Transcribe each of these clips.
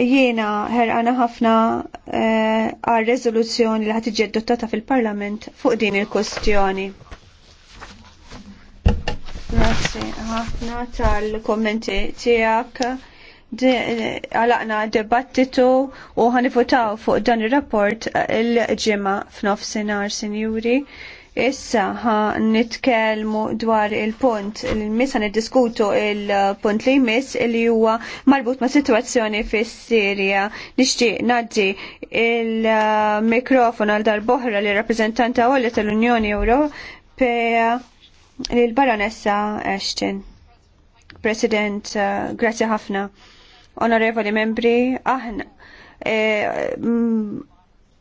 jiena ħerqana ħafna eh, għal rezoluzzjoni li ħatiġi adottata fil-Parlament fuq din il-kwestjoni. Grazzi ħafna tal-kommenti tiegħek. Għalaqna debattitu u ħanifutaw fuq dan ir rapport il-ġimgħa f'nofsinhar, sinjuri. Issa ha, nitkellmu dwar il-punt il missa niddiskutu il-punt li jmiss li huwa marbut ma' situazzjoni fis-Sirja. Nixtieq ngħaddi il-mikrofon għal darboħra li rappresentanta għolli tal-Unjoni pe lil baronessa Ashton. President, eh, grazie ħafna. Onorevoli membri, aħna. Eh, mm,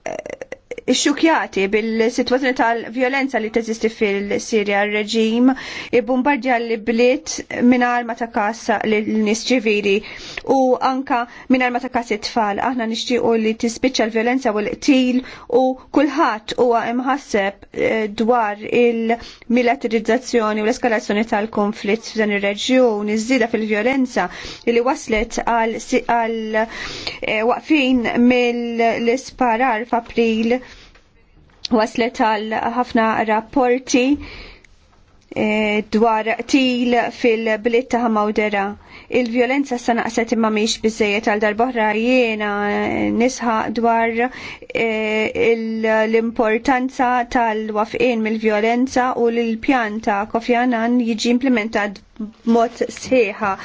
eh, xukjati bil-situazzjoni tal-violenza li teżisti fil-Sirja reġim bombardja li bliet arma ta' takassa l-nis ċivili u anka minar ma takassa it-tfal. Aħna nixtiequ li tispiċċa l-violenza u l-qtil u kulħadd huwa imħasseb eh, dwar il-militarizzazzjoni u l-eskalazzjoni tal-konflitt f'dan ir-reġjun, iż-żieda fil-violenza li waslet għal eh, waqfin mill-isparar f'April waslet għal ħafna rapporti eh, dwar til fil-bliet ta' Mawdera. Il-vjolenza sa naqset imma miex bizzejiet għal darboħra jiena eh, nisħa dwar eh, l-importanza tal-wafqin mill-vjolenza u l-pjanta kofjanan jiġi implementat mod sħiħa.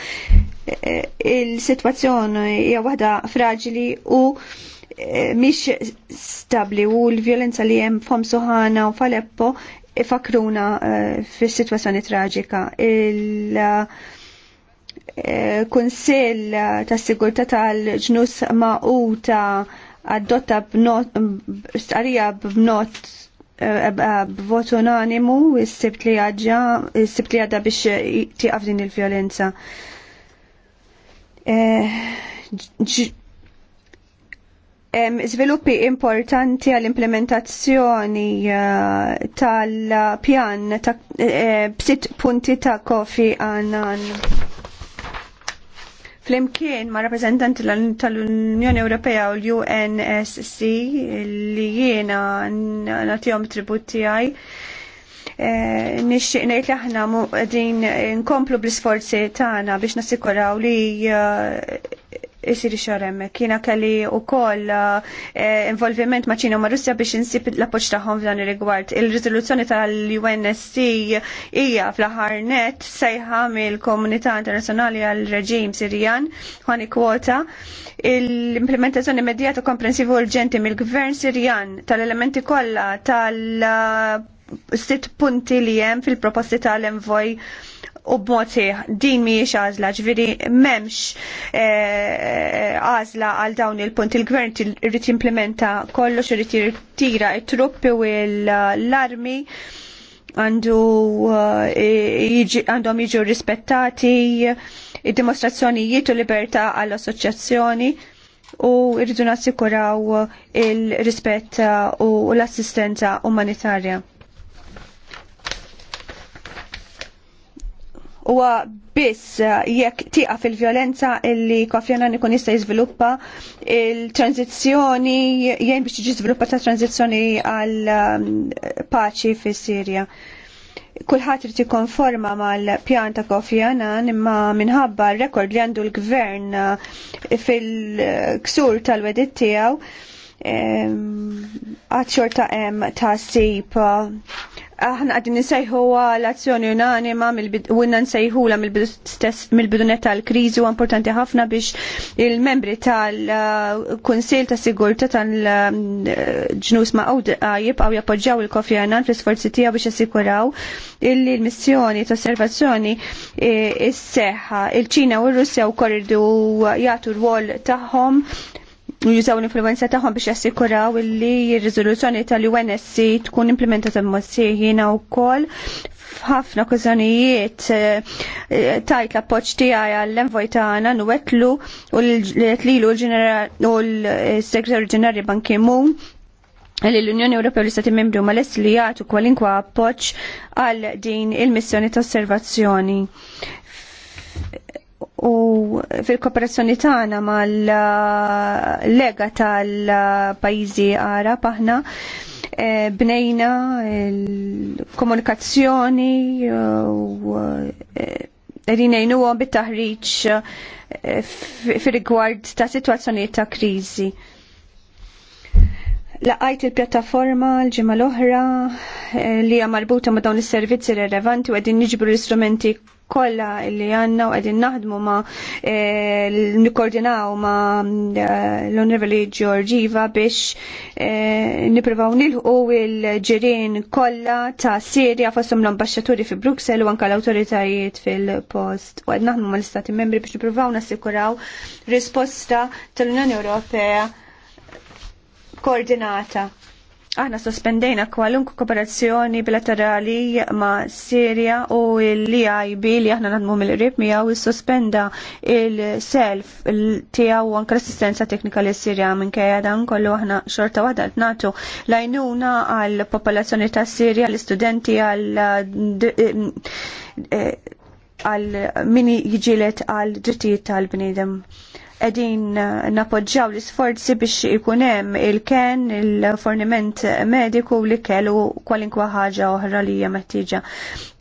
Il-situazzjoni hija waħda fraġili u mish stabli u l-violenza li jem fom suħana u faleppo ifakruna eh, fis situazzjoni traġika. Il- eh, Kunsill ta' sigurta tal-ġnus ma'uta adotta b'stqarija b'not eh, b'vot unanimu s-sibt li għadġa, s-sibt li għadda biex tiqaf din il-violenza Sviluppi importanti għall-implementazzjoni eh, tal-pjan ta' eh, b'sitt punti ta' kofi għannan. Flimkien ma' rappresentanti tal-Unjoni Ewropea u l-UNSC li jiena natijom tributi għaj. Eh, nixtieq ngħid li aħna din nkomplu bl-isforzi tagħna biex nassikuraw li isir xorem. Kiena kelli u koll eh, involviment ma' ċina ma' Russja biex insib l poċtaħom f'dan il-rigward. Il-rizoluzzjoni tal-UNSC hija fl ħar net sejħa mill-komunità internazzjonali għal-reġim Sirjan ħani kwota l-implementazzjoni immedjata komprensiva urġenti mill-gvern Sirjan tal-elementi kollha tal-sitt uh, punti li hemm fil-proposti tal-envoj u b'moti din mhijiex għażla ġviri m'hemmx eh, għażla għal dawn il-punt il-gvern irid jimplementa kollox irid jirtira t truppi u l-armi għandu eh, għandhom jiġu rispettati id-dimostrazzjonijiet u libertà għall-assoċjazzjoni u rridu nassikuraw il-rispett u l-assistenza umanitarja. Huwa biss eh, jekk tiqa fil-violenza illi kofjana nikun ikun jista' jiżviluppa il-tranzizzjoni jgħin biex tiġi żviluppa ta' tranzizzjoni għal ehm, paċi fis-Sirja Kulħadd irid jikkonforma mal-pjan ta' Kofi Annan imma minħabba r-rekord li għandu l-gvern eh, fil-ksur tal-wedit tiegħu ehm, għad xorta hemm ta' sip eh, aħna għadin nisajħu l-azzjoni unanima u għinna nsejħula mill-bidunet tal-krizi u importanti ħafna biex il-membri tal-Kunsil ta' Sigurta tal-ġnus ma' jibqaw jappoġġaw il-Kofi Annan fl-sforzi tiegħu biex jassikuraw illi l-missjoni ta' osservazzjoni e, is-seħħa il-Ċina u r-Russja u korridu jagħtu l-wol tagħhom jużaw l-influenza tagħhom biex jassikuraw li r-riżoluzzjoni tal-UNSC tkun implementata b'mod sieħina wkoll f'ħafna okkażjonijiet eh, tajt l-appoġġ tiegħi għall-envoj tagħna nwetlu u l-tlilu l-Segretarju Ġenerali Ban Ki-moon li l-Unjoni Ewropea u l-Istati Membri huma lest li jagħtu kwalinkwa appoġġ għal din il-missjoni ta' osservazzjoni u fil-kooperazzjoni tagħna mal-lega tal-pajjiżi Arab aħna bnejna l-komunikazzjoni u rinejnu bit-taħriġ fir rigward ta' situazzjoniet ta' kriżi laqajt il-pjattaforma l-ġimma l-oħra eh, li hija marbuta ma' dawn is-servizzi rilevanti u qegħdin niġbru l-istrumenti kollha li għandna u qegħdin naħdmu ma' eh, nikkoordinaw ma' eh, l-Onorevoli Georgiva biex nippruvaw nilħu il-ġirien kollha ta' Sirja fosthom l-ambasċaturi fi Bruxelles u anke l-awtoritajiet fil-post. U qed naħdmu mal-Istati Membri biex nippruvaw nassikuraw risposta tal-Unjoni Ewropea koordinata. Aħna sospendejna kwalunk kooperazzjoni bilaterali ma' Sirja u l-IIB li aħna nadmu mill-rib miegħu sospenda il-self tiegħu anke l-assistenza teknika li Sirja minkejja dan kollu aħna xorta waħda qed nagħtu lajnuna għall popolazzjoni ta' Sirja l-istudenti għal eh, eh, għal min jiġilet għal drittijiet tal-bniedem edin eh, napoġġaw l-isforzi biex ikunem il-ken, il-forniment mediku li kellu kwalinkwa ħaġa oħra li hija meħtieġa.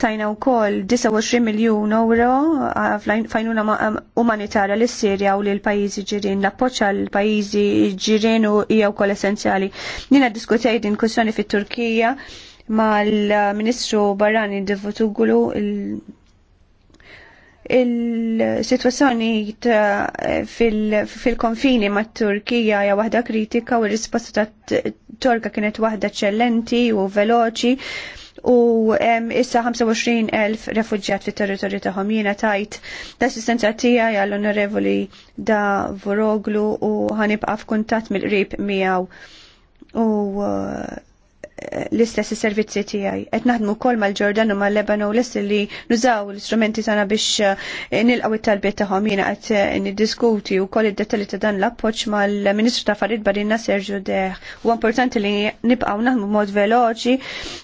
Tajna wkoll 29 miljun euro eh, fajnuna eh, umanitarja lis sirja u l pajjiżi ġirien. l pajjiżi ġirin u hija wkoll essenzjali. Nina diskutejt din kwissjoni fit-Turkija mal-Ministru Barrani Devotugulu il il-situazzjoni fil-konfini ma' Turkija hija waħda kritika u r-risposta ta' Torka kienet waħda ċellenti u veloċi u issa 25.000 refugġjat fit territorju tagħhom jiena tajt l-assistenza tiegħi l onorevoli da Voroglu u ħanibqa' f'kuntatt mill-qrib miegħu u uh, l-istess servizzi tiegħi. Qed naħdmu wkoll mal-Ġordan u mal-Lebanon lest li nużaw l-istrumenti tagħna biex eh, nilqgħu it-talbiet tagħhom jiena qed eh, niddiskuti wkoll id-dettalji ta' dan l-appoġġ mal-Ministru ta' Farid Barina Sergio Deh. Huwa importanti li nibqgħu naħdmu mod veloċi,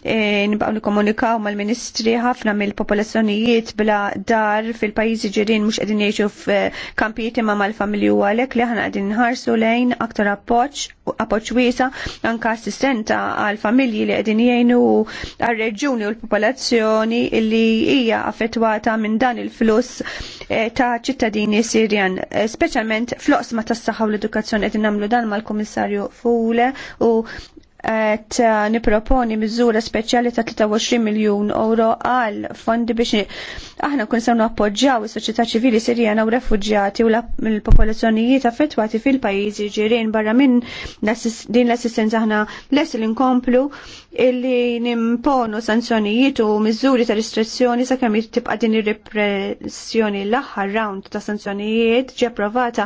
eh, nibqgħu nikkomunikaw mal-Ministri ħafna mill-popolazzjonijiet bla dar fil-pajjiżi ġirien mhux qegħdin jgħixu f'kampijiet imma mal-familji u għalhekk li aħna qegħdin nħarsu lejn aktar appoġġ appoġġ wiesa anke assistenta għal familji familji li qegħdin jgħinu għar-reġuni u l-popolazzjoni li hija affettwata minn dan il-fluss eh, ta' ċittadini Sirjan, eh, speċjalment fl-oqsma tas-saħħa u l-edukazzjoni qegħdin nagħmlu dan mal-Kummissarju Fule u Qed eh, niproponi miżura speċjali ta' 23 miljun euro għal fondi biex aħna kun sewnu appoġġjaw is-soċjetà ċivili Sirjana u refuġjati u l-popolazzjonijiet affettwati fil-pajjiżi ġirien barra minn din l-assistenza aħna les li nkomplu illi nimponu sanzjonijiet u miżuri ta' ristrizzjoni sakemm tibqa' din ir-repressjoni l-aħħar round ta' sanzjonijiet ġie approvata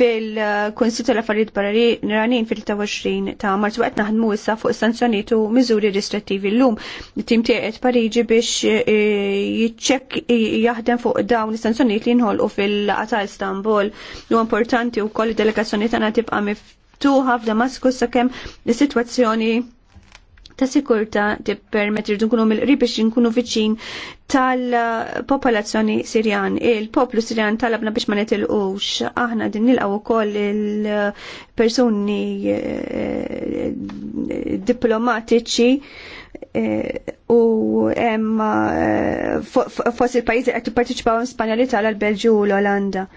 fil-Kunsil tal-Affarijiet Barranin fil-23 ta' Marzu qed naħdmu nitkellmu issa fuq sanzjonijiet u miżuri ristrettivi llum. Tim tieqet Pariġi biex e, e, jiċċek e, jaħdem fuq dawn is sanzjonijiet li nħolqu fil-qata Istanbul. U importanti wkoll id-delegazzjoni tagħna tibqa' miftuħa f'Damaskus sakemm is-sitwazzjoni ta' sikurta tippermetti rridu nkunu mill-qrib biex nkunu viċin tal-popolazzjoni Sirjan. Il-poplu Sirjan talabna biex ma netilqux. Aħna din nilqaw wkoll il-persuni eh, diplomatiċi eh, u hemm eh, fost il-pajjiżi qed tipparteċipaw Spanja l-Italja, l-Belġju u l-Olanda.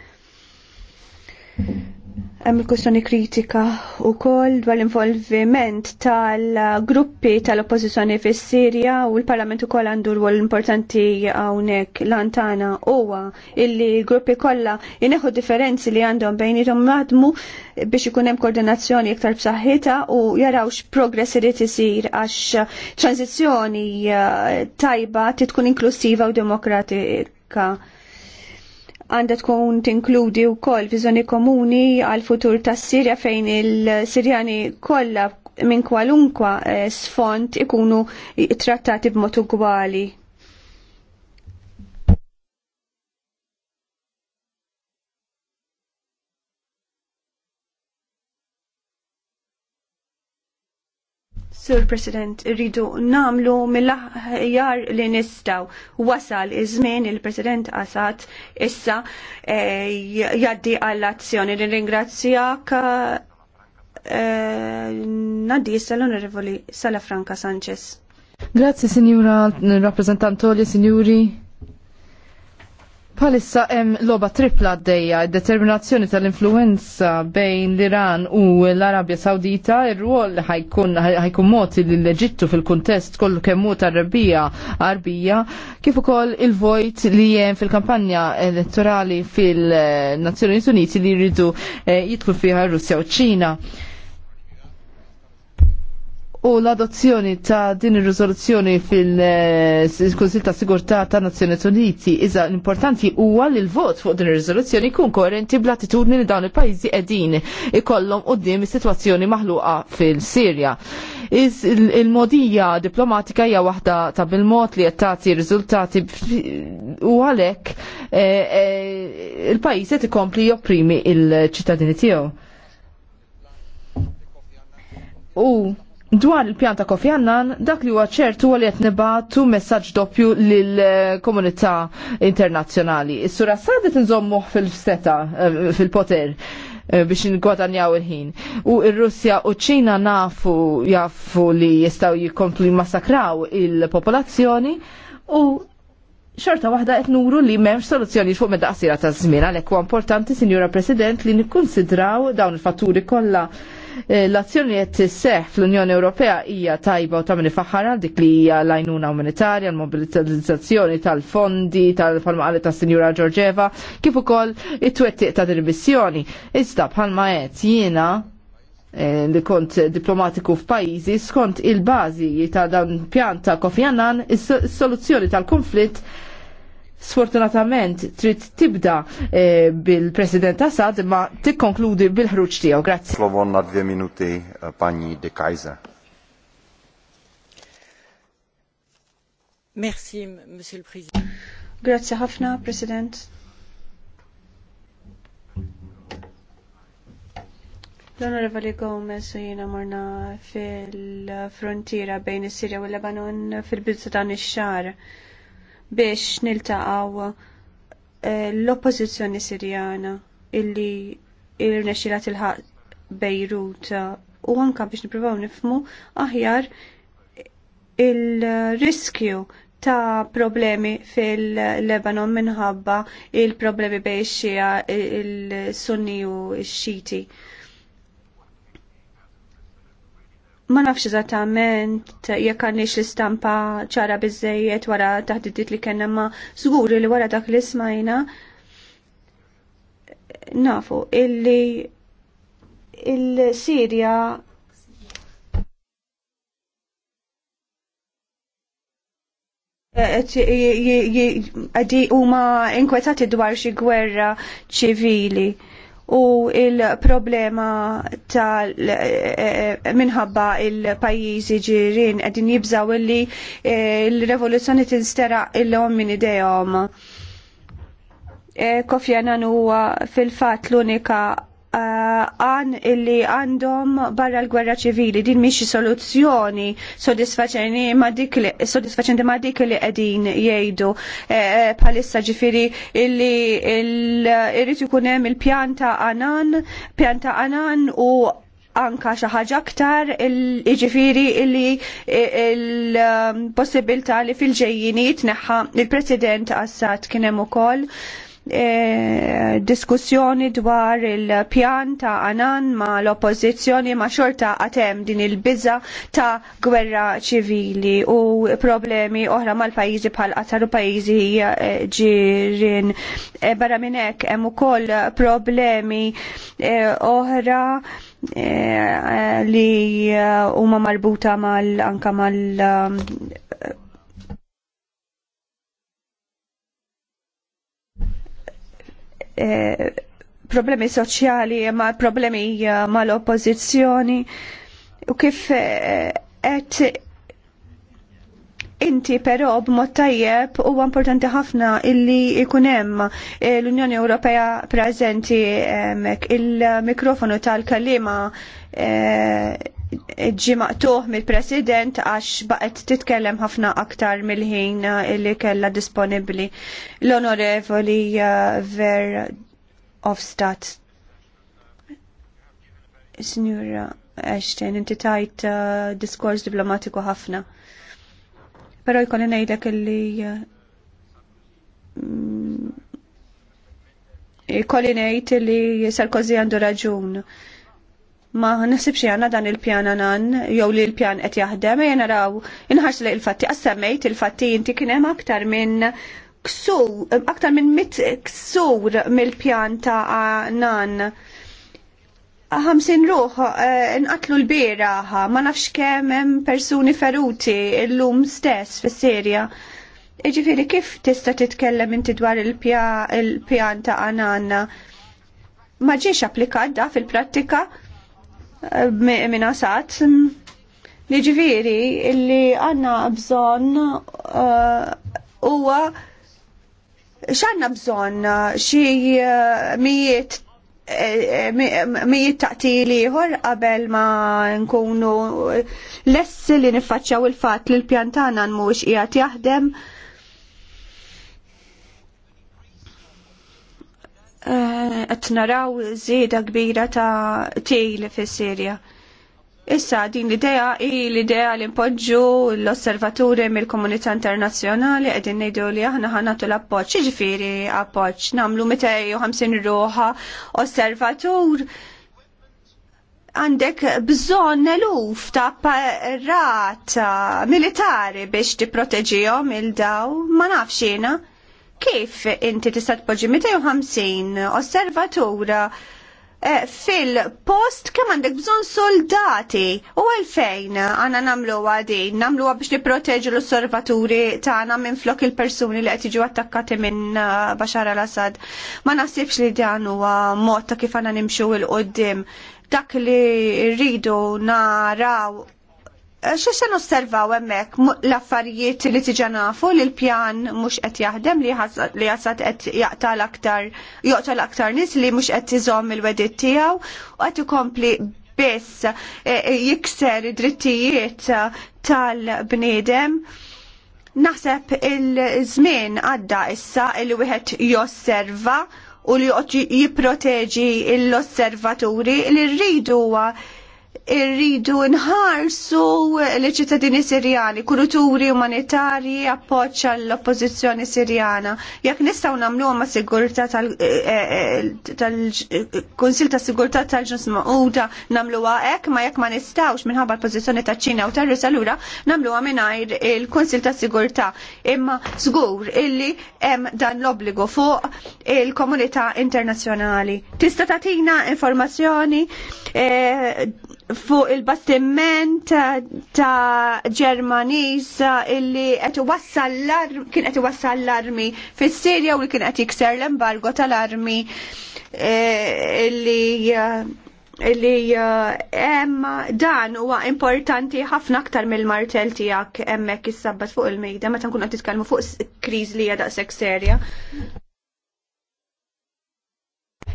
Hemm il-kwestjoni kritika wkoll dwar l-involviment tal-gruppi tal-oppożizzjoni fis-Sirja u l-Parlament ukoll għandu rwol importanti hawnhekk lantana huwa illi gruppi kollha ineħħu differenzi li għandhom bejnietom madmu biex ikun hemm koordinazzjoni iktar b'saħħitha u jaraw x'progress irid isir għax tranzizzjoni eh, tajba titkun inklusiva u demokratika għanda tkun tinkludi u koll viżjoni komuni għal futur tas Sirja fejn il-Sirjani kollha minn kwalunkwa eh, sfond ikunu trattati b'mod ugwali. Sur President, rridu namlu mill-aħjar li nistaw. Wasal iż-żmien il-President Assad issa eh, jaddi għall-azzjoni. Ringrazzjak eh, Nadi l-Onorevoli Sala Franca Sanchez. Grazie, Signora rappresentantoli, Signori. Palissa hemm loba tripla għaddejja, determinazzjoni tal-influenza bejn l-Iran u l-Arabja Sawdita, ir-rwol ħajkun moti l-Eġittu fil-kuntest kollu kemm kemmu tar-rebija arbija, kif ukoll il-vojt li hemm fil-kampanja elettorali fil-Nazzjonijiet Uniti li jridu eh, jitlu fiha Russja u Ċina U l-adozzjoni ta' din ir-riżoluzzjoni fil-Kunsil ta' Sigurtà ta' Nazzjonijiet Uniti iżda l-importanti huwa li l-vot fuq din ir-riżoluzzjoni jkun koerenti bl-attitudni li dawn il-pajjiżi qegħdin ikollhom quddiem is-sitwazzjoni maħluqa fil-Sirja. Iż il-modija diplomatika hija waħda ta' bil-mod li qed tagħti riżultati u għalhekk eh, eh, il-pajjiż qed ikompli jopprimi il-ċittadini tiegħu. U Dwar il-pjanta Kofi Annan, dak li huwa ċertu għal qed nibatu messaġġ doppju lill-komunità internazzjonali. Is-sura sadet nżommuh fil-seta, eh, fil-poter eh, biex nkotanjaw il-ħin. U il-Russja u ċina nafu jafu li jistaw jikomplu jmassakraw il-popolazzjoni u xorta waħda qed nuru li m'hemmx soluzzjoni fuq meta qasira ta' żmien għalhekk huwa importanti, Sinjura President, li nikkunsidraw dawn il-fatturi kollha l-azzjoni qed tisseħ fl-Unjoni Ewropea hija tajba u tagħmel faħħara dik li hija l-għajnuna umanitarja, l-mobilizzazzjoni tal-fondi tal-palmaqali ta' Sinjura Giorgeva, kif ukoll it-twettiq ta' din missjoni. Iżda bħalma qed jiena eh, li kont diplomatiku f'pajjiżi skont il-bażi ta' dan pjan ta' Kofi Annan, is-soluzzjoni tal-konflitt sfortunatament trid tibda eh, bil-President Assad ma tikkonkludi bil-ħruġ tiegħu. Grazzi. Slovonna dwie minuti eh, pani De Kaiser. Merci, Monsieur le Président. Grazie ħafna, President. L-Onorevoli Gomez u jina morna fil-frontiera bejn is-Sirja u l-Lebanon fil-bidu ta' dan ix-xar biex niltaqgħu eh, l-oppożizzjoni Sirjana illi il tilħaq Beirut u anka biex nippruvaw nifmu aħjar il-riskju ta' problemi fil-Lebanon minħabba il-problemi bejn xija il-Sunni u x-Xiti. il problemi biex xija il sunni u x xiti il xiti Ma nafx eżattament jekk għandix l-istampa ċara biżejjed wara taħdidiet li kellna ma żguri li wara dak li smajna nafu illi il-Sirja u huma inkwetati dwar xi gwerra ċivili u il-problema tal eh, eh, minħabba il-pajjiżi ġirin qegħdin jibżaw illi eh, l-revoluzzjoni tinstera illum minn idejhom. Kofjana huwa fil-fatt l-unika Eh, għan uh, illi għandhom barra l-gwerra ċivili din miexi soluzzjoni sodisfaċenti ma dik li qegħdin jgħidu eh, palissa ġifiri illi irrid ikun hemm il-pjanta għanan, pjanta anan u anka xi ħaġa aktar ġifiri illi l-possibilità eh, li fil-ġejjini jitneħħa il-President Assad kien hemm ukoll. E, diskussjoni dwar il-pjan ta' Anan ma' l-oppozizjoni ma' xorta għatem din il-biza ta' gwerra ċivili u problemi oħra mal pajjiżi bħal qatar u pajjiżi e, ġirin. E, barra minnek hemm ukoll problemi e, oħra e, li huma marbuta mal anka mal Eh, problemi soċjali ma problemi eh, mal-oppożizzjoni u kif qed eh, Inti però b'mod tajjeb huwa importanti ħafna illi jkun hemm l-Unjoni Ewropea preżenti hemmhekk il-mikrofonu tal-kalima eh, ġi maqtuħ mill-President għax baqet titkellem ħafna aktar mill-ħin eh, illi kella disponibli l-onorevoli eh, Ver Ofstat. Signora Ashton, inti tajt eh, diskors diplomatiku ħafna. Pero jkolli ngħidlek illi mm, jkolli ngħid li Sarkozy għandu raġun ma nasibx jana dan il-pjan għanan, jew li l-pjan qed jaħdem, jena raw inħarx li il-fatti, għassemmejt il-fatti inti kienem aktar minn ksur, aktar minn mit ksur mill-pjan ta' għanan. 50 ruħ inqatlu eh, l-biraħ, ma nafx kemm hemm persuni feruti l-lum stess fis serja Iġifiri, kif tista titkellem inti dwar il-pjan ta' għananna? Ma ġiex applikat da fil-prattika? Eh, minasat Assad. Li li għanna bżon huwa eh, xanna bżon xie eh, mijiet mijiet taqtili ħor qabel ma nkunu lessi li nifacċaw il-fat li l-pjantana mux qiegħed jaħdem Eh, qed naraw żieda kbira ta' tejl fis-Sirja. Issa din l-idea hi l-idea li npoġġu l-osservaturi mill-komunità internazzjonali qegħdin ngħidu li aħna ħanatu l-appoġġ, jiġifieri appoġġ nagħmlu 250 ruħa osservatur għandek bżonn eluf ta' parrat militari biex proteġijom il-daw, ma nafx kif inti tista' tpoġġi 250 osservatura eh, fil-post kemm għandek bżonn soldati u għalfejn għana namluwa din, namluwa biex niproteġu l-osservaturi tagħna minn flok il-persuni li qed jiġu attakkati minn eh, Bashar al-Assad. Ma naħsibx li dan huwa mod ta' kif għana nimxu il qoddim dak li rridu naraw Eh, Xe se nosservaw emmek l-affarijiet li tiġanafu nafu li l-pjan mux qed jaħdem li jasat qed jaqtal aktar joqtal aktar nis li mux qed iżom il-wedit tiegħu u qed ikompli biss eh, eh, jikser id-drittijiet tal-bniedem. Naħseb il-żmien għadda issa il wieħed josserva u li joqgħod jipproteġi l-osservaturi li rridu huwa irridu nħarsu l-ċittadini sirjani, kuruturi umanitarji, appoċċa l-oppozizjoni sirjana. Jekk nistgħu nagħmluha ma' sigurtà tal-Kunsil eh, eh, ta' Sigurtà tal-Ġus Mauda nagħmluha hekk, ma jekk ma nistgħux minħabba l-pożizzjoni ta' Ċina u tar rus lura nagħmluha mingħajr il-Kunsil ta' Sigurtà. Imma żgur illi hemm dan l-obbligu fuq il-komunità internazzjonali. Tista' tagħtina informazzjoni eh, fuq il-bastiment ta' Ġermaniż illi qed iwassal l-armi kien qed iwassal l-armi fis-Sirja u kien qed jikser l-embargo tal-armi eh, illi eh, li eh, hemm dan huwa importanti ħafna aktar mill-martel tiegħek hemmhekk is-sabbat fuq il-mejda meta nkunu qed titkellmu fuq kriż li hija daqshekk serja.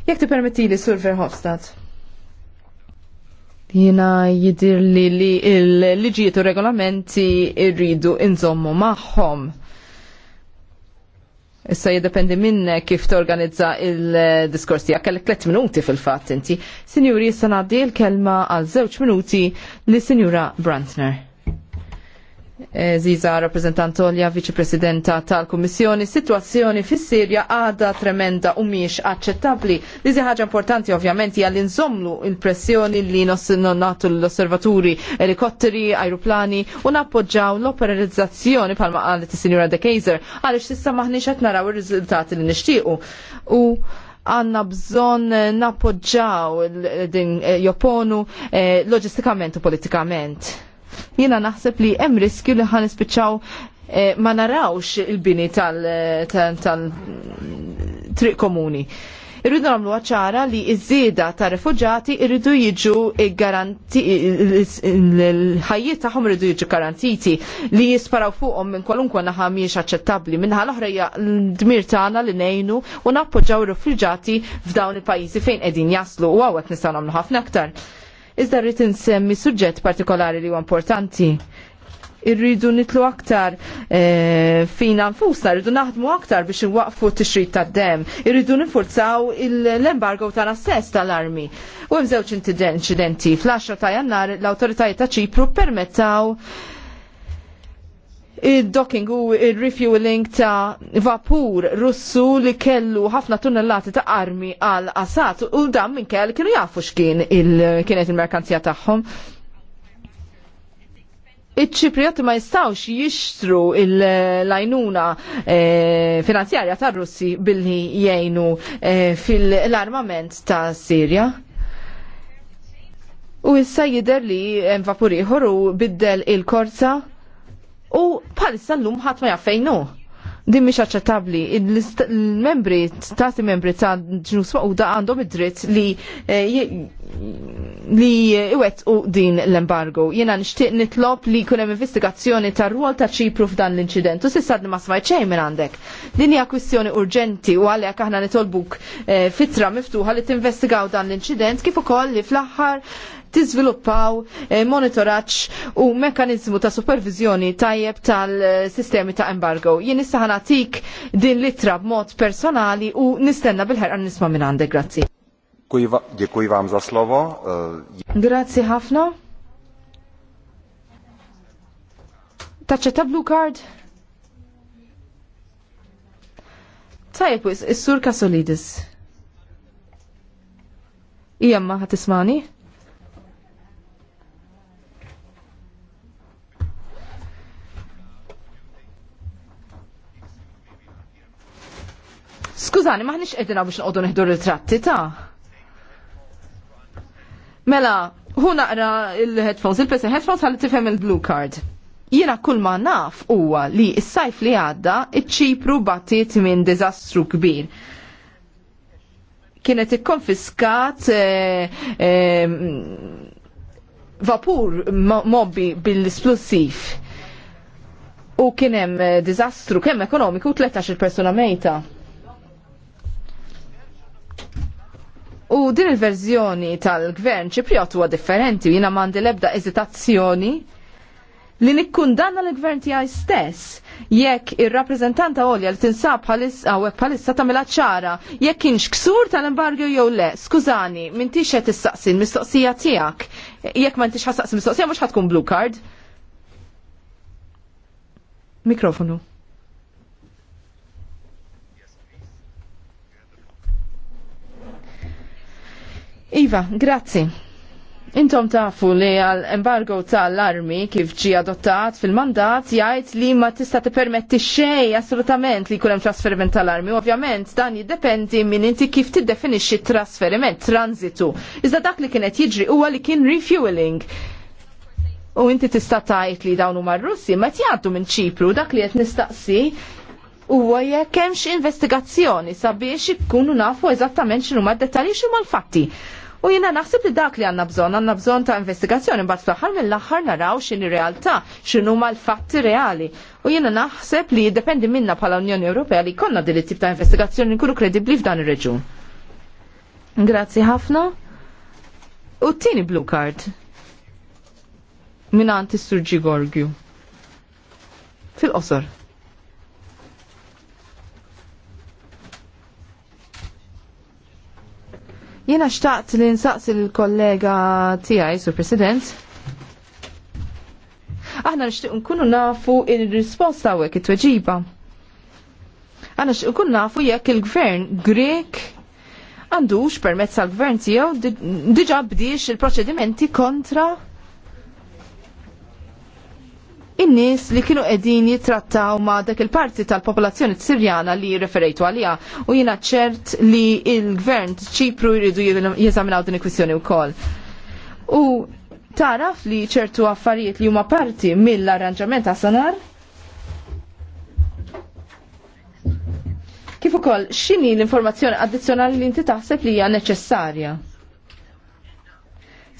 Jekk tippermettili Sur Verhofstadt. Jina jidir li li il-liġijiet u regolamenti irridu inżommu maħħom. Issa jiddependi minn kif torganizza il-diskors tiegħek kellek tliet minuti fil-fatt inti. Sinjuri, issa ngħaddi l-kelma għal żewġ minuti li Signora Brantner. Ziza Olja viċi-presidenta tal-Kummissjoni, situazzjoni fis sirja għada tremenda u miex accettabli. Li ħaġa importanti ovvjament hija li nżomlu il-pressjoni li natu l-osservaturi elikotteri, aeroplani u nappoġġaw l-operizzazzjoni palma qalet is-Sinjura De Kaiser għaliex issa maħniex qed naraw ir-riżultati li nixtiequ. U għanna bżon nappoġġaw din eh, jopponu eh, loġistikament u politikament. Jiena naħseb li hemm riskju li ħan ispiċċaw eh, ma narawx il-bini tal-triq komuni. Irridu nagħmlu ċara li iż-żieda ta' refuġati irridu jiġu l-ħajjiet tagħhom irridu jiġu garantiti li jisparaw fuqhom minn kwalunkwe naħa mhijiex aċċettabbli. Minħa l-oħra hija dmir tagħna li ngħinu u nappoġġaw ir-refuġati f'dawn il-pajjiżi fejn qegħdin jaslu u għawet nistgħu nagħmlu ħafna aktar. Iżda rrid insemmi suġġett partikolari li huwa importanti. Irridu nitlu aktar e, fina nfusna, irridu naħdmu aktar biex nwaqfu t tixrit tad-dem, irridu nifurzaw l-embargo ta' stess tal-armi. U hemm żewġ incidenti fl-10 ta' jannar l-awtoritajiet ta' Ċipru permettaw il-docking u il-refueling ta' vapur russu li kellu ħafna tunnellati ta' armi għal asat u dan minn kell kienu jafu x'kien il-kienet il-merkanzija tagħhom. Iċ-Ċipriot ma jistawx jixtru l-lajnuna eh, finanzjarja ta' Russi billi jgħinu eh, fil-armament ta' Sirja. U issa jider li vapur ieħor u biddel il-korza u bħalissa llum ħadd ma jaffejnu. Din mhix aċċettabbli. Il-membri, stati membri ta' ġnus da għandhom id-dritt li eh, li iwet u din l-embargo. Jena nixtieq nitlob li jkun hemm investigazzjoni tar rwol ta' ċipru f'dan l-inċident. U sissa ma smaj xejn minn għandek. Din hija kwistjoni urġenti u għalhekk aħna nitolbuk eh, fitra miftuħa li tinvestigaw dan l-inċident kif ukoll li fl-aħħar tiżviluppaw eh, monitoraġġ u mekkaniżmu ta' supervizjoni tajjeb tal-sistemi ta' embargo. Jien issa ħanatik din litra b'mod personali u nistenna bil-ħerqa nisma' minn għandek, grazzi. Dikuj Wam za slovo. E, grazzi ħafna. Taċċetta blue card? Tajjeb, is-sur Kasolidis. Ija maħat ismani? Skużani, maħniex qegħdin biex nqogħdu neħdu ritratti ta' Mela, hu naqra il-headphones, il-pesa headphones ħalli tifhem il-blue card. Jiena kull ma naf huwa li s-sajf li għadda iċċipru battit battiet minn diżastru kbir kienet ikkonfiskat eh, eh, vapur mobbi bil isplussiv u kienem eh, dizastru kemm ekonomiku 13 persona mejta. U din il-verżjoni tal-gvern ċipriot huwa differenti, jina mandi lebda eżitazzjoni li nikkundanna l-gvern tiegħi stess jekk ir-rappreżentanta għolja li tinsab hawnhekk ta' mela ċara jekk kienx ksur tal-embargo jew le. Skużani, m'intix qed tistaqsi mistoqsija tiegħek. Jekk ma intix ħassaqsi mistoqsija mhux ħadkun blue card. Mikrofonu. Iva, grazzi. Intom tafu li għal-embargo tal-armi kif ġi adottat fil-mandat jgħid li ma tista' tipermetti xej assolutament li jkun hemm trasferiment tal-armi. Ovvjament dan jiddependi minn inti kif tiddefinixxi trasferiment, transitu. Iżda dak li kienet jiġri huwa li kien refueling. U inti tista' tgħid li dawn huma r-Russi ma jgħaddu minn Ċipru dak li qed nistaqsi huwa jekk hemmx investigazzjoni sabiex ikunu nafu eżattament x'inhuma d-dettalji x'huma l-fatti. U jina naħseb li dak li għanna bżon, għanna bżon ta' investigazzjoni, bat fl-ħar mill-ħar naraw xini realtà, xinu ma l-fatti reali. U jina naħseb li jiddependi minna pala Unjoni Ewropea li konna dil tip ta' investigazzjoni nkunu kredibli f'dan ir-reġun. Grazzi ħafna. U t-tini blue card. Minanti Surġi Gorgju. Fil-qosor. Jiena xtaqt li nsaqsi l-kollega tiegħi, Sur President. Aħna nixtieq nkunu nafu il-risposta għek it-tweġiba. Aħna nixtieq nkunu nafu jekk il-gvern Grek għandux permezz għal gvern tiegħu diġà bdiex il-proċedimenti kontra in-nies li kienu qegħdin jitrattaw ma' dak il-parti tal-popolazzjoni Sirjana li referejtu għalija u jiena ċert li il-gvern ċipru jridu jeżaminaw din il-kwistjoni wkoll. U taraf li ċertu affarijiet li huma parti mill-arranġament ta' sanar? Kif ukoll x'inhi l-informazzjoni addizzjonali li inti taħseb li hija neċessarja?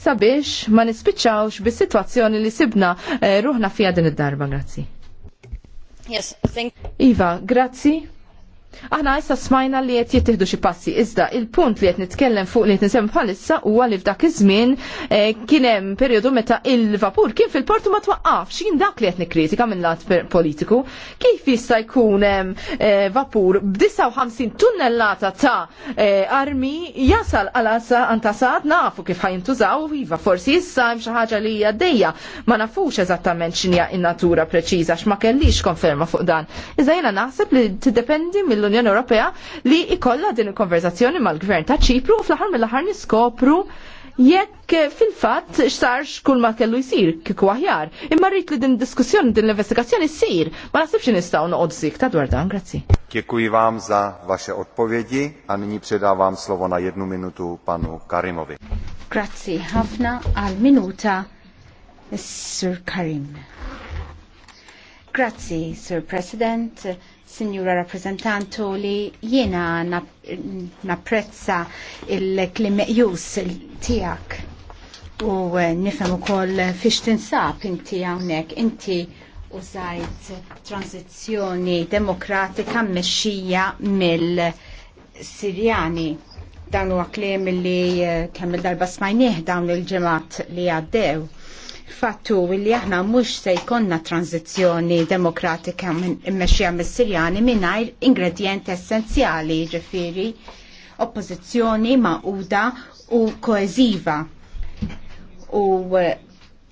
sabiex ma nispiċċawx bis-sitwazzjoni li sibna eh, ruħna fija din id-darba, grazzi. Yes, thank Iva, grazzi. Aħna issa smajna li qed jittieħdu xi passi, iżda il-punt li qed nitkellem fuq li qed nisem bħalissa huwa li f'dak iż-żmien eh, kien hemm perjodu meta il-vapur kien fil-portu ma twaqqafx, jien dak li qed nikkritika minn lat politiku, kif jista' jkun hemm eh, vapur b'59 tunnellata ta' eh, armi jasal għal antasad nafu kif ħajntużaw, iva forsi issa hemm xi ħaġa li hija dejja, ma nafux eżattament x'inja in-natura preċiża x'ma kellix konferma fuq dan. Iżda jiena naħseb li tiddependi mill l unjoni Ewropea li ikollha din il-konverzazzjoni mal-Gvern ta' Ċipru u fl-aħħar mill-aħħar niskopru jekk fil-fatt x'sarx kull ma kellu jsir kieku aħjar. Imma rrid li din diskussjoni din l-investigazzjoni ssir. Ma nasibx nistgħu noqgħod sik ta' dwar dan, grazzi. Dziękuję wam za wasze odpowiedzi, a nyní przedawam slovo na jednu minutu panu Karimowi. Grazzi ħafna al minuta Sir Karim. Grazzi, Sir President, Signora Rappresentanto, li jiena napprezza il-klim jus tijak u eh, nifem u koll fiex tinsab inti għawnek, inti u zajt transizjoni demokratika mmexxija mill-Sirjani. Dan huwa għaklim li eh, kemm il-darba smajnieh dawn il-ġemat li għaddew fattu li aħna mhux se jkollna transizzjoni demokratika mmexxija mis-Sirjani mingħajr ingredjent essenzjali ġifieri oppożizzjoni maquda u koeziva. U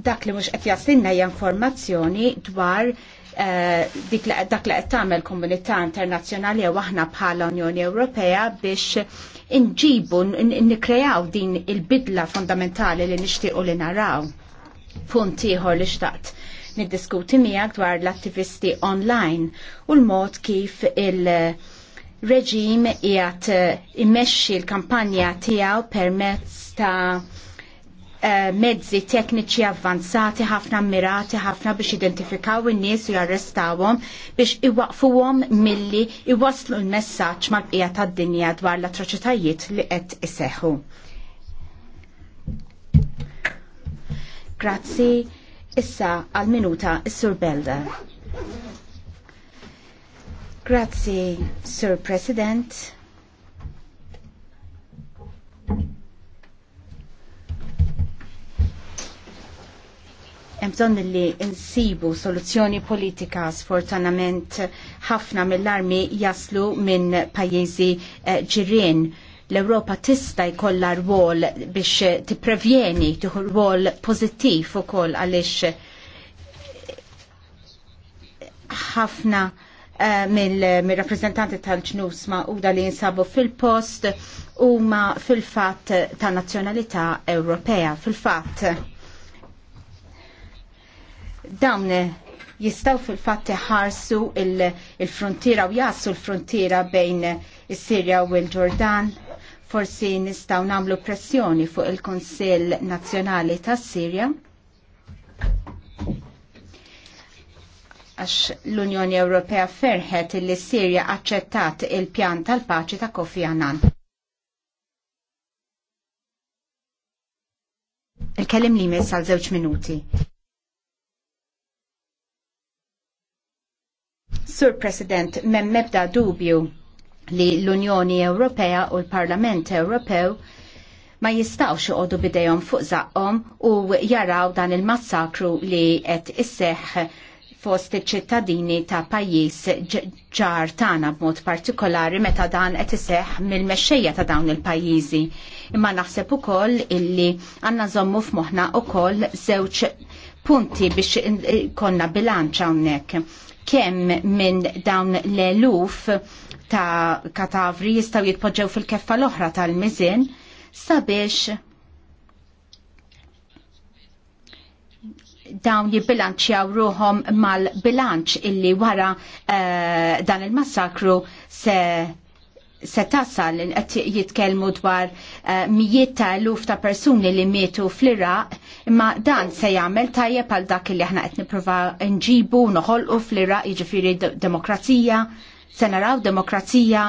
dak li mhux qed jaslinna hija informazzjoni dwar dak li qed tagħmel komunità internazzjonali jew aħna bħala Unjoni Ewropea biex inġibu nikrejaw din il-bidla fondamentali li nixtiequ li naraw punt ieħor li xtaqt niddiskuti miegħek dwar l-attivisti online u l-mod kif il- reġim jgħat immexxi l-kampanja tiegħu permezz ta' eh, mezzi tekniċi avvanzati ħafna mirati ħafna biex identifikaw in-nies u jarrestawhom biex iwaqfuhom milli iwaslu l-messaġġ mal-bqija tad-dinja dwar l-atroċitajiet li qed iseħħu. Grazzi, issa għal-minuta Sur Belda. Grazzi, Sur President. Emżon li insibu soluzzjoni politika sfortunament ħafna mill-armi jaslu minn pajjiżi eh, ġirien. Eh, L-Ewropa tista' jkollha rwol biex tipprevjeni tieħu rwol pożittiv ukoll għaliex ħafna eh, mill-rappresentanti tal-ġnus ma' uda li jinsabu fil-post u ma' fil-fat ta' nazjonalità Ewropea. Fil-fat dawn jistaw fil-fat ħarsu il-frontiera il u jassu l-frontiera bejn is-Sirja u l-Ġordan Forsi nistaw namlu pressjoni fuq il-Konsil Nazzjonali tas Sirja għax l-Unjoni Ewropea ferħet li Sirja aċċettat il-pjan tal-paċi ta' Kofi Annan. Il-kellim li mis għal żewġ minuti. Sur President, memmebda dubju li l-Unjoni Ewropea u l-Parlament Ewropew ma jistawx iqodu bidejhom fuq zaqqom u jaraw dan il-massakru li qed isseħħ fost iċ-ċittadini ta' pajjiż ġar tagħna b'mod partikolari meta dan qed iseħħ mill-mexxejja ta' dawn il-pajjiżi. Imma naħseb ukoll illi għandna żommu f'moħħna ukoll żewġ punti biex konna bilanċ hawnhekk kemm minn dawn l-eluf ta' katavri jistaw jitpoġġew fil-keffa l-oħra tal-mizin sabiex dawn jibbilanċjaw ruħom mal-bilanċ illi wara uh, dan il-massakru se se tasal jitkelmu jitkellmu dwar uh, mijiet ta' eluf ta' persuni li mietu fl-Iraq, imma dan se jagħmel tajjeb għal dak li aħna qed nipprova nġibu noħolqu fl-Iraq jiġifieri demokrazija Se naraw demokrazija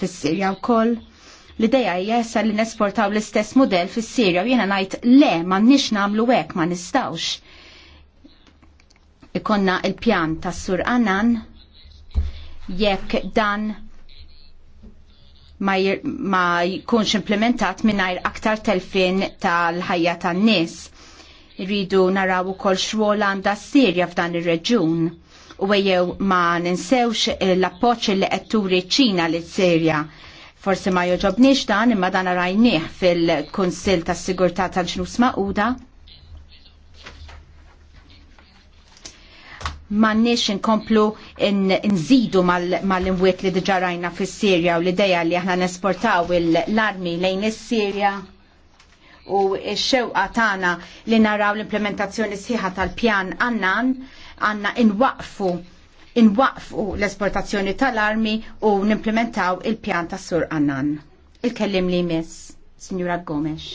fis-Sirja wkoll. L-ideja hija issa li nesportaw l-istess modell fis-Sirja u jiena ngħid le m'għandniex nagħmlu hekk ma nistgħux. Ikonna il-pjan tas-Sur Anan jekk dan ma, ma jkunx implementat mingħajr aktar telfin tal-ħajja tan-nies. iridu naraw ukoll xogħol għandha s-Sirja f'dan ir-reġjun u għajew ma ninsewx l-appoċ li għetturi ċina li Sirja. Forse ma joġobniex dan imma dan rajniħ fil-Konsil tas sigurtà tal-ġnus Mauda. nix inkomplu nżidu mal-imwiet li diġa rajna fis sirja u l-ideja li aħna nesportaw l-armi lejn is-Sirja u x-xewqa tagħna li naraw l-implementazzjoni sħiħa tal-pjan annan għanna inwaqfu inwaqfu l-esportazzjoni tal-armi u nimplementaw il-pjan ta' Sur Annan. Il-kellim li miss, Signora Gomes.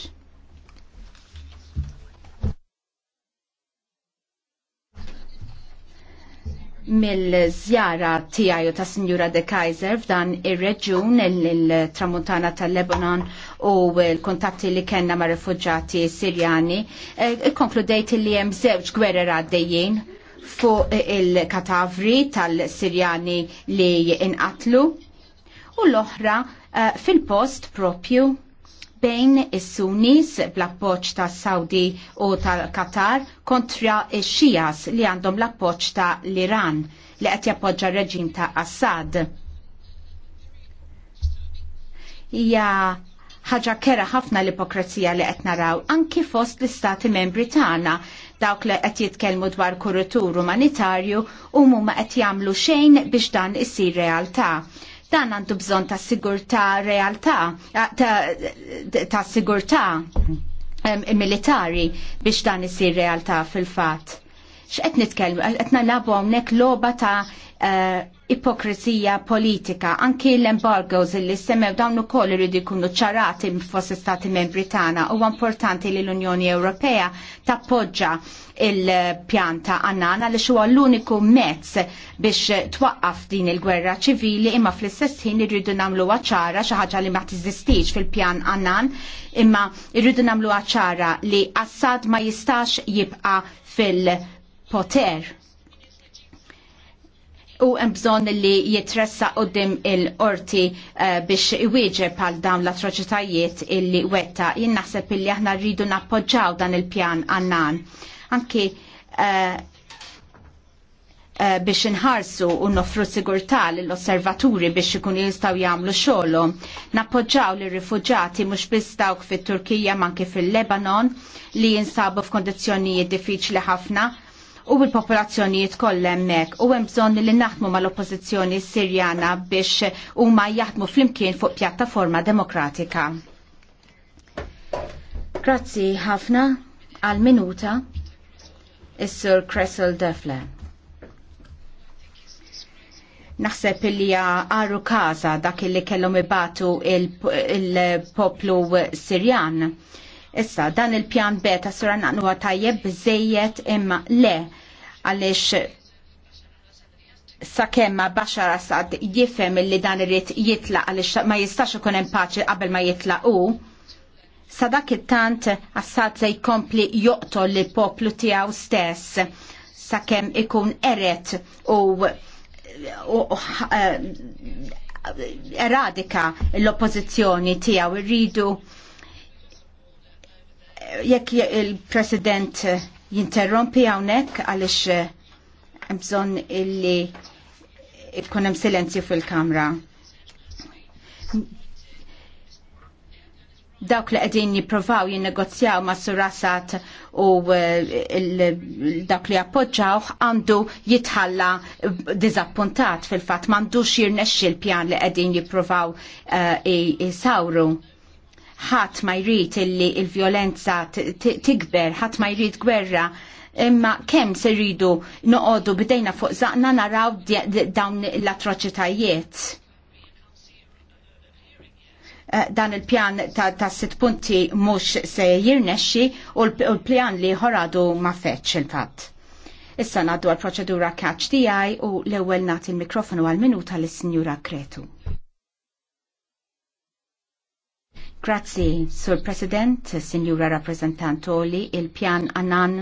mill-żjara u ta' Sinjura De Kaiser f'dan ir-reġjun il-Tramuntana tal-Lebanon u l-kuntatti li kellna ma' rifuġġati Sirjani, eh, ikkonkludejt li hemm żewġ gwerer għaddejjin fuq il-katavri tal-Sirjani li inqatlu u l-oħra uh, fil-post propju bejn is sunis bl-appoġġ ta' Saudi u tal-Qatar kontra ix-Xijas li għandhom l-appoġġ ta' l-Iran li qed jappoġġa r-reġim ta' Assad. Hija ħaġa kera ħafna l-ipokrazija li qed naraw anki fost l-istati membri tagħna dawk li qed jitkellmu dwar kurutur umanitarju u huma qed jagħmlu xejn biex dan isir realtà. Dan għandu bżonn ta' sigurtà realtà, ta', sigurtà militari biex dan isir realtà fil-fatt. X'qed nitkellmu, qed nagħlabu hawnhekk logħba ta' uh, ipokrizija politika, anki l-embargoes li semmew dawn ukoll iridu jkunu ċarati fost stati membri tagħna u importanti li l-Unjoni Ewropea tappoġġa il-pjanta għannana li huwa l-uniku mezz biex twaqqaf din il-gwerra ċivili imma fl-istess ħin irridu namlu ċara xi ħaġa li ma tiżistix fil-pjan għannan imma irridu namlu ċara li Assad ma jistax jibqa fil-poter u hemm bżonn li jitressa qudiem il-qorti eh, biex iwieġeb għal dawn l-atroċitajiet illi wetta. Jien naħseb illi aħna rridu nappoġġaw dan il-pjan għannan. Anki eh, eh, biex inħarsu u nofru sigurtà l-osservaturi biex ikun jistaw jagħmlu xolo, Nappoġġaw li rifuġati mhux biss dawk fit-Turkija manki fil-Lebanon li jinsabu f'kondizzjonijiet diffiċli ħafna u bil popolazzjonijiet kollha hemmhekk u hemm bżonn li naħdmu mal-Oppożizzjoni Sirjana biex huma jaħdmu flimkien fuq pjattaforma demokratika. Grazzi ħafna għal minuta is-Sur Cressel Defle. Naħseb li għarru kaza dak li kellhom ibatu il-poplu il Sirjan Issa, dan il-pjan B ta' sura naqnu tajjeb bżejjed imma le għalix sakemma Bashar Assad jifhem li dan irrit jitlaq għaliex ma jistax ikun hemm paċi qabel ma jitla u sa dak it-tant Assad se jkompli joqtol li poplu tiegħu stess sakemm ikun eret u, eh, eradika l-oppożizzjoni tiegħu irridu jekk il-President jinterrompi hawnhekk għaliex eh, bżonn illi ikun hemm silenzju fil-Kamra. Dawk li qegħdin jippruvaw jinnegozjaw ma' surasat u eh, dawk li appoġġawh għandu jitħalla diżappuntat fil-fatt m'għandux jirnexxi l-pjan li qegħdin jippruvaw uh, ħadd ma jrid illi il-vjolenza tikber, ħadd ma jrid gwerra imma kemm se rridu noqogħdu bidejna fuq zaqna naraw dawn l-atroċitajiet. Eh, dan il-pjan ta', ta sitt punti mhux se jirnexxi u l-pjan li ħoradu ma feċċ il-fatt. Issa naddu għal proċedura catch DI u l-ewwel nagħti l-mikrofonu għal minuta lis-Sinjura Kretu. Grazzi, Sur President, Sinjura Rappresentantoli, il-pjan Anan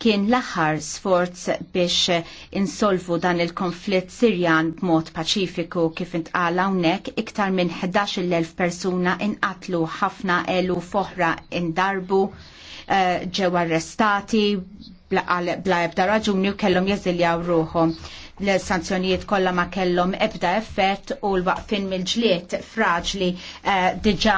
kien l-aħħar sforz biex insolvu dan il-konflitt Sirjan b'mod paċifiku kif intqala hawnhekk iktar minn 11,000 persuna inqatlu ħafna elu foħra indarbu ġew arrestati bla ebda raġuni u kellhom jeżiljaw ruħhom l-sanzjonijiet kollha ma kellhom ebda effett u l-waqfin mill-ġliet fraġli eh, diġà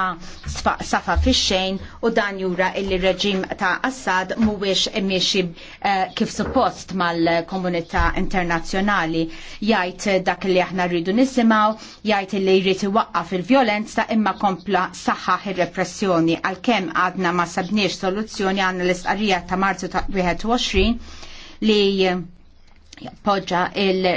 safa fix-xejn u dan jura illi reġim ta' Assad mhuwiex imiexi eh, kif suppost mal-komunità internazzjonali jgħid dak li aħna rridu nisimgħu, jgħid illi jrid iwaqqaf il-vjolenza imma kompla saħħaħ ir-repressjoni għalkemm għadna ma sabniex soluzzjoni għandna l-istqarrija ta' Marzu ta' 21 li poġġa il-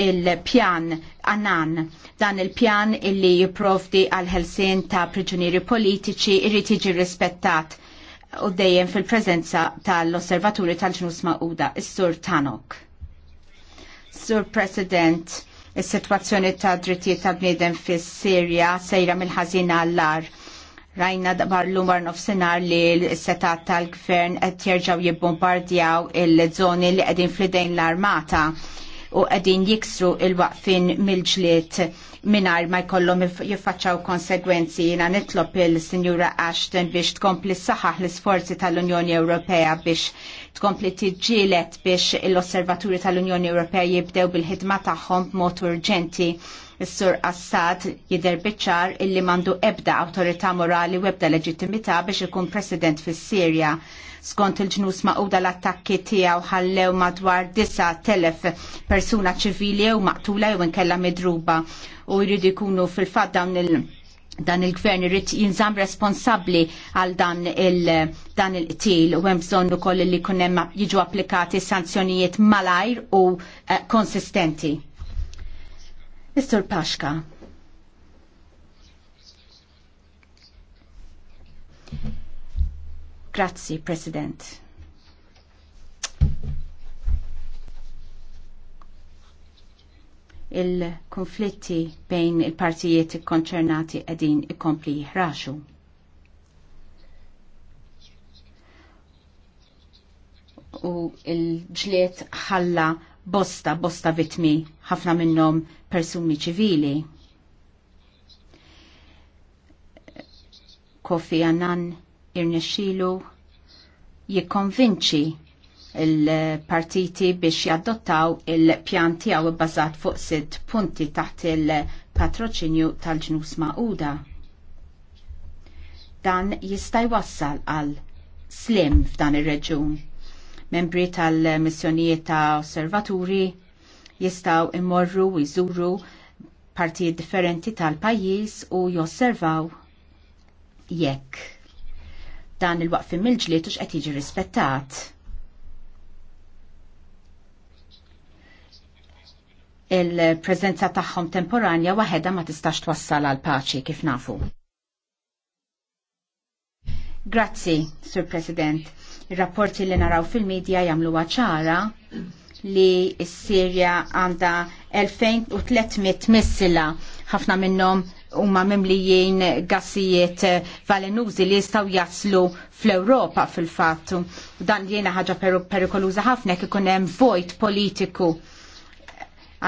il-pjan Anan, dan il-pjan illi jiprovdi għal-ħelsin ta' priġunieri politiċi irrid jiġi rispettat u dejjem fil-preżenza tal-osservaturi tal-ġnus Mauda, is-Sur Tanok. Sur President, is-sitwazzjoni ta' drittijiet tal bniedem fis-Sirja sejra mill-ħażin għall-lar Rajna barlu mar nofsenar li l-setat tal-gvern qed jerġgħu jibbombardjaw il-żoni li qegħdin fl-idejn l-armata u qegħdin jiksru il-waqfin mill-ġlied minar ma jkollhom jiffaċċaw konsegwenzi jiena nitlob il-Sinjura Ashton biex tkompli saħaħ l-isforzi tal-Unjoni Ewropea biex tkompli tiġġielet biex l-osservaturi tal-Unjoni Ewropea jibdew bil-ħidma tagħhom b'mod urġenti s sur Assad jidher biċċar illi mandu ebda awtorità morali u ebda leġittimità biex ikun president fis-Sirja Skont il-ġnus maquda l-attakki tiegħu ħallew madwar 9,000 persuna ċivili u maqtula jew inkella midruba u jridu jkunu fil-fatt dawn il- dan il-gvern irrid jinżam responsabbli għal dan il-dan il-qtil u hemm bżonn ukoll li jkun hemm jiġu applikati sanzjonijiet malajr u eh, konsistenti. Mr. Paxka. Grazzi, President. Il-konflitti bejn il-partijiet konċernati għedin ikompli jihraxu. U il-ġliet ħalla bosta bosta vitmi ħafna minnom persuni ċivili. Kofi Annan irnexxielu jikkonvinċi il-partiti biex jaddottaw il-pjan tiegħu bbażat fuq sitt punti taħt il-patroċinju tal-ġnus Mauda. Dan jista' jwassal għal slim f'dan ir-reġun. Membri tal-missjonijiet ta' osservaturi jistaw imorru u jżuru partijiet differenti tal-pajjiż u josservaw jekk dan il-waqfim mill-ġliet u x'qed jiġi rispettat. il-prezenza tagħhom temporanja waħedha ma tistax twassal għal paċi kif nafu. Grazzi, Sur President. Il-rapporti li naraw fil-medja jamlu ċara li s-Sirja għanda 2300 missila ħafna minnom huma mimlijin gassijiet eh, valenużi li jistgħu jaslu fl-Ewropa fil-fattu. Dan jiena ħagġa perikoluża ħafna jekk ikun hemm vojt politiku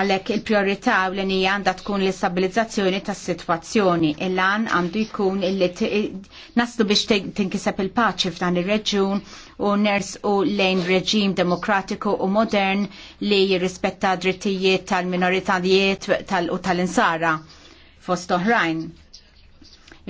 għalhekk il-priorità u l-enija għandha tkun l-istabilizzazzjoni tas-sitwazzjoni. Il-lan għandu jkun illi naslu biex tinkiseb il-paċi f'dan ir-reġjun u ners u lejn reġim demokratiku u modern li jirrispetta drittijiet tal-minoritajiet tal u tal-insara. tal minoritajiet tal u tal insara tal u tal insara fost oħrajn.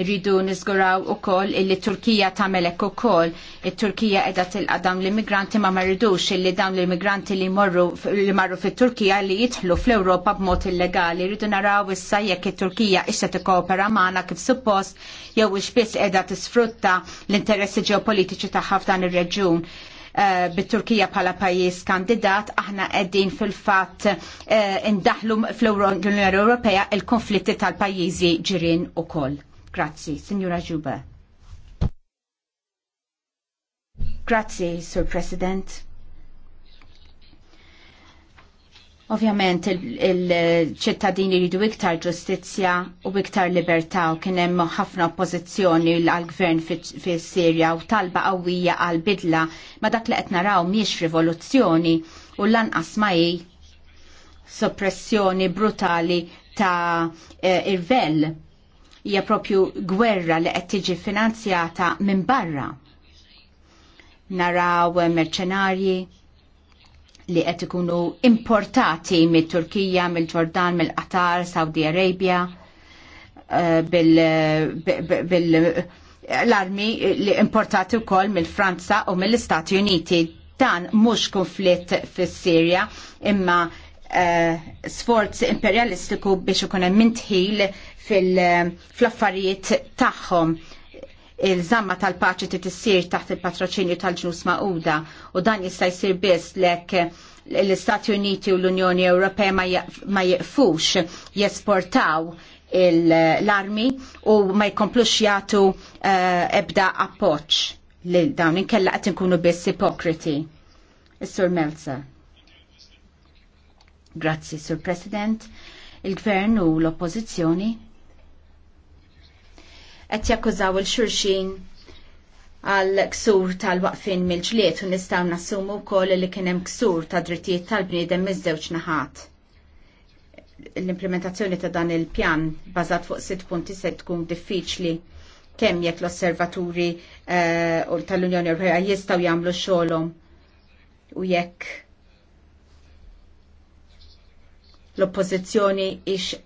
Irridu nizguraw u koll illi Turkija tamelek u koll. Il-Turkija edha tilqa dawn l-immigranti ma marridux illi dawn l-immigranti li morru li marru fit turkija li jitħlu fl-Europa b'mod illegali. Irridu naraw issa jekk it-Turkija issa tikkopera magħna kif suppost jew ix biss edha tisfrutta l-interessi ġeopolitiċi tagħha f'dan ir-reġjun Eh, bit-Turkija bħala pajjiż kandidat, aħna qegħdin fil-fatt eh, indaħlu fl-Unjoni Ewropea il-konflitti tal-pajjiżi ġirien ukoll. Grazzi, Signora Ġuba. Grazzi, Sur President. Ovvjament il-ċittadini il jridu iktar ġustizzja u iktar libertà u kien hemm ħafna oppożizzjoni għall gvern fis-Sirja u talba qawwija għal bidla ma dak li qed naraw mhijiex rivoluzzjoni u lanqas ma hi soppressjoni brutali ta' eh, irvel hija propju gwerra li qed tiġi finanzjata minn barra. Naraw merċenarji, li qed ikunu importati mit-Turkija, mill-Ġordan, mill-Qatar, Saudi Arabia eh, bil-armi li importati wkoll mill-Franza u mill-Istati Uniti. Dan mhux konflitt fis-Sirja imma eh, sforz imperialistiku biex ikun hemm intħil fil-affarijiet tagħhom il-żamma tal-paċi ti tissir taħt il-patroċinju tal-ġnus ma'uda u dan jista' jsir biss lek l-Istati Uniti u l-Unjoni Ewropea ma jeqfux jesportaw l-armi u ma jkomplux jagħtu eh, ebda appoġġ lil dawn inkella qed inkunu biss ipokriti. Is-Sur Melzer. Grazzi, Sur President. Il-Gvern u l-Oppożizzjoni qed jakkużaw il-xurxin għal ksur tal-waqfin mill-ġliet u nistgħu nassumu wkoll li kien hemm ksur ta' drittijiet tal-bniedem miż-żewġ naħat. L-implementazzjoni ta' dan il-pjan bażat fuq sitt punti se tkun diffiċli kemm jekk l-osservaturi uh, tal-Unjoni Ewropea jistgħu jagħmlu xogħolhom u jekk l-oppożizzjoni ix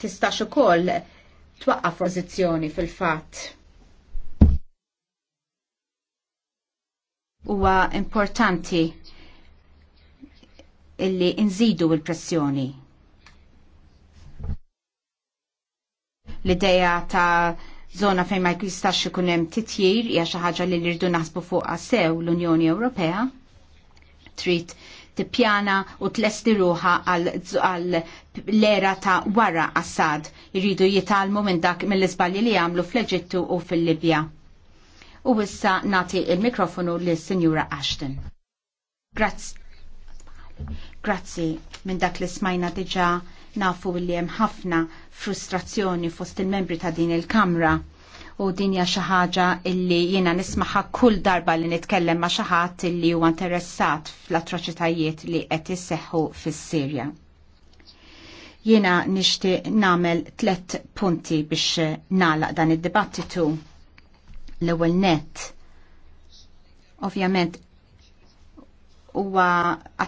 tistax ukoll Twaqqa' pożizzjoni fil-fatt. Huwa importanti illi nżidu il-pressjoni. L-ideja ta' zona fejn ma jistax ikun hemm titjir hija xi ħaġa li rridu naħsbu fuqha sew l-Unjoni Ewropea trid tippjana u tlesti ruħa għal l-era ta' wara Assad iridu jitalmu minn dak mill-izbalji li għamlu fl-Eġittu u fil-Libja. U issa nati il-mikrofonu l-Sinjura Ashton. Grazzi. Grazzi minn dak li smajna diġa nafu li hemm ħafna frustrazzjoni fost il-membri ta' din il-Kamra u din hija xi ħaġa illi jiena nismaħa kull darba li nitkellem ma' xi ħadd illi huwa interessat fl-atroċitajiet li qed isseħħu fis-Sirja. Jiena nixtieq nagħmel tliet punti biex nagħlaq dan id-dibattitu. L-ewwel net. Ovvjament huwa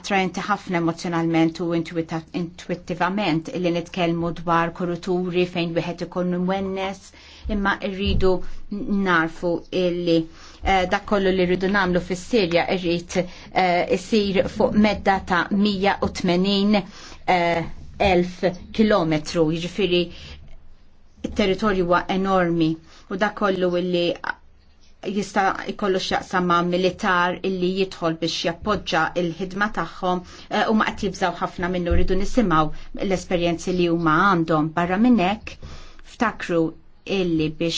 attrajenti ħafna emozjonalment u intuittivament illi nitkellmu dwar kuruturi fejn wieħed ikun mwennes imma rridu narfu illi eh, dak kollu li rridu namlu fis sirja irrid eh, isir fuq medda ta' 180 eh, elf kilometru, jiġifieri il-territorju huwa enormi u dak kollu illi jista jkollu x'jaqsam ma' militar illi jidħol biex jappoġġa il-ħidma tagħhom u ma qed jibżaw ħafna minnu rridu nisimgħu l-esperjenzi li huma għandhom barra minn hekk ftakru illi biex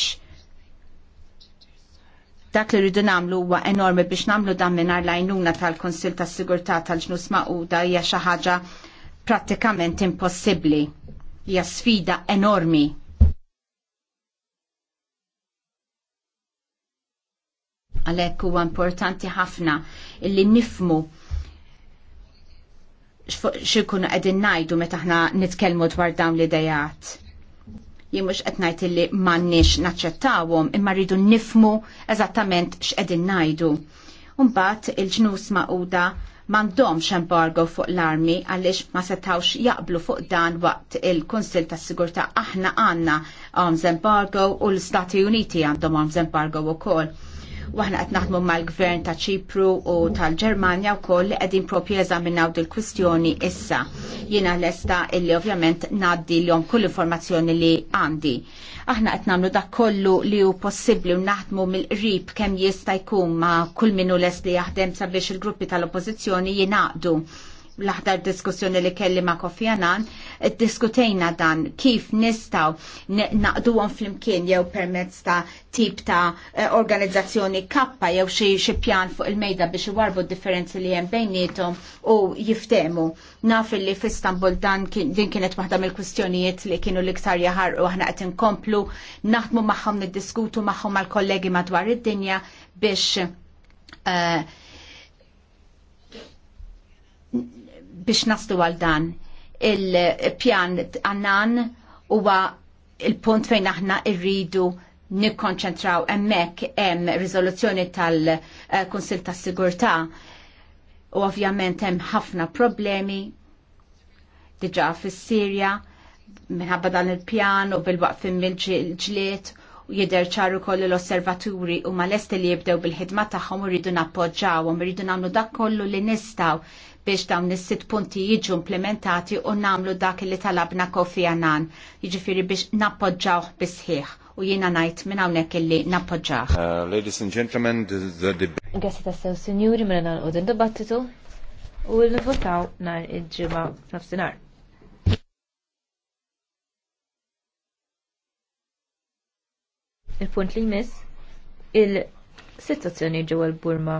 dak li rridu nagħmlu huwa enormi biex nagħmlu dan mingħajr l-għajnuna tal-Konsil tas-Sigurtà tal-Ġnus Maquda hija xi ħaġa prattikament impossibbli. Hija sfida enormi. Għalhekk huwa importanti ħafna illi nifmu xikunu qegħdin ngħidu meta aħna nitkellmu dwar dawn l-idejat jien mhux qed ngħid illi m'għandniex naċċettawhom imma rridu nifmu eżattament x'qegħdin ngħidu. Imbagħad il-ġnus maquda m'għandhomx embargo fuq l-armi għaliex ma setawx jaqblu fuq dan waqt il-Kunsil tas-Sigurtà aħna għandna arms embargo u l-Stati Uniti għandhom arms embargo wkoll u aħna qed naħdmu mal-gvern ta' Ċipru u tal-Ġermanja wkoll li qegħdin propju eżaminaw dil-kwistjoni issa. Jiena lesta illi ovvjament ngħaddi l-jom kull informazzjoni li għandi. Aħna qed nagħmlu dak kollu li hu possibbli u naħdmu mill-qrib kemm jista' jkun ma' kull minnu lest li jaħdem sabiex il-gruppi tal-oppożizzjoni jingħaqdu l-aħdar diskussjoni li kelli ma' Kofi Annan diskutejna dan kif nistaw naqduhom flimkien jew permezz ta' tip ta' eh, organizzazzjoni kappa jew xi xi pjan fuq il-mejda biex iwarbu differenzi li hemm bejnietom u jiftemu. Naf li f'Istanbul dan din kienet waħda mill-kwistjonijiet li kienu l-iktar jaħar u aħna qed inkomplu naħdmu magħhom niddiskutu magħhom mal-kollegi madwar id-dinja biex uh, biex naslu għal dan il-pjan għannan huwa il-punt fejn aħna irridu nikkonċentraw emmek em rizoluzzjoni tal-Kunsil tas sigurtà u ovvjament hemm ħafna problemi diġa fis-Sirja minħabba dan il-pjan u bil-waqfim mill-ġliet u jidher ċaru ukoll l-osservaturi u ma lesti li jibdew bil-ħidma tagħhom u rridu nappoġġawhom, rridu nagħmlu dak kollu li nistgħu biex dawn is-sitt punti jiġu implementati u namlu dak li talabna Kofi Annan, jiġifieri biex nappoġġaw bisħiħ u jiena ngħid minn hawnhekk illi nappoġġaw. Uh, ladies and gentlemen, the debate. Grazzi tassew sinjuri mela nagħlqu din dibattitu u l-votaw nhar il-ġimgħa f'nofsinhar. Il-punt li jmiss il-sitwazzjoni ġewwa l-Burma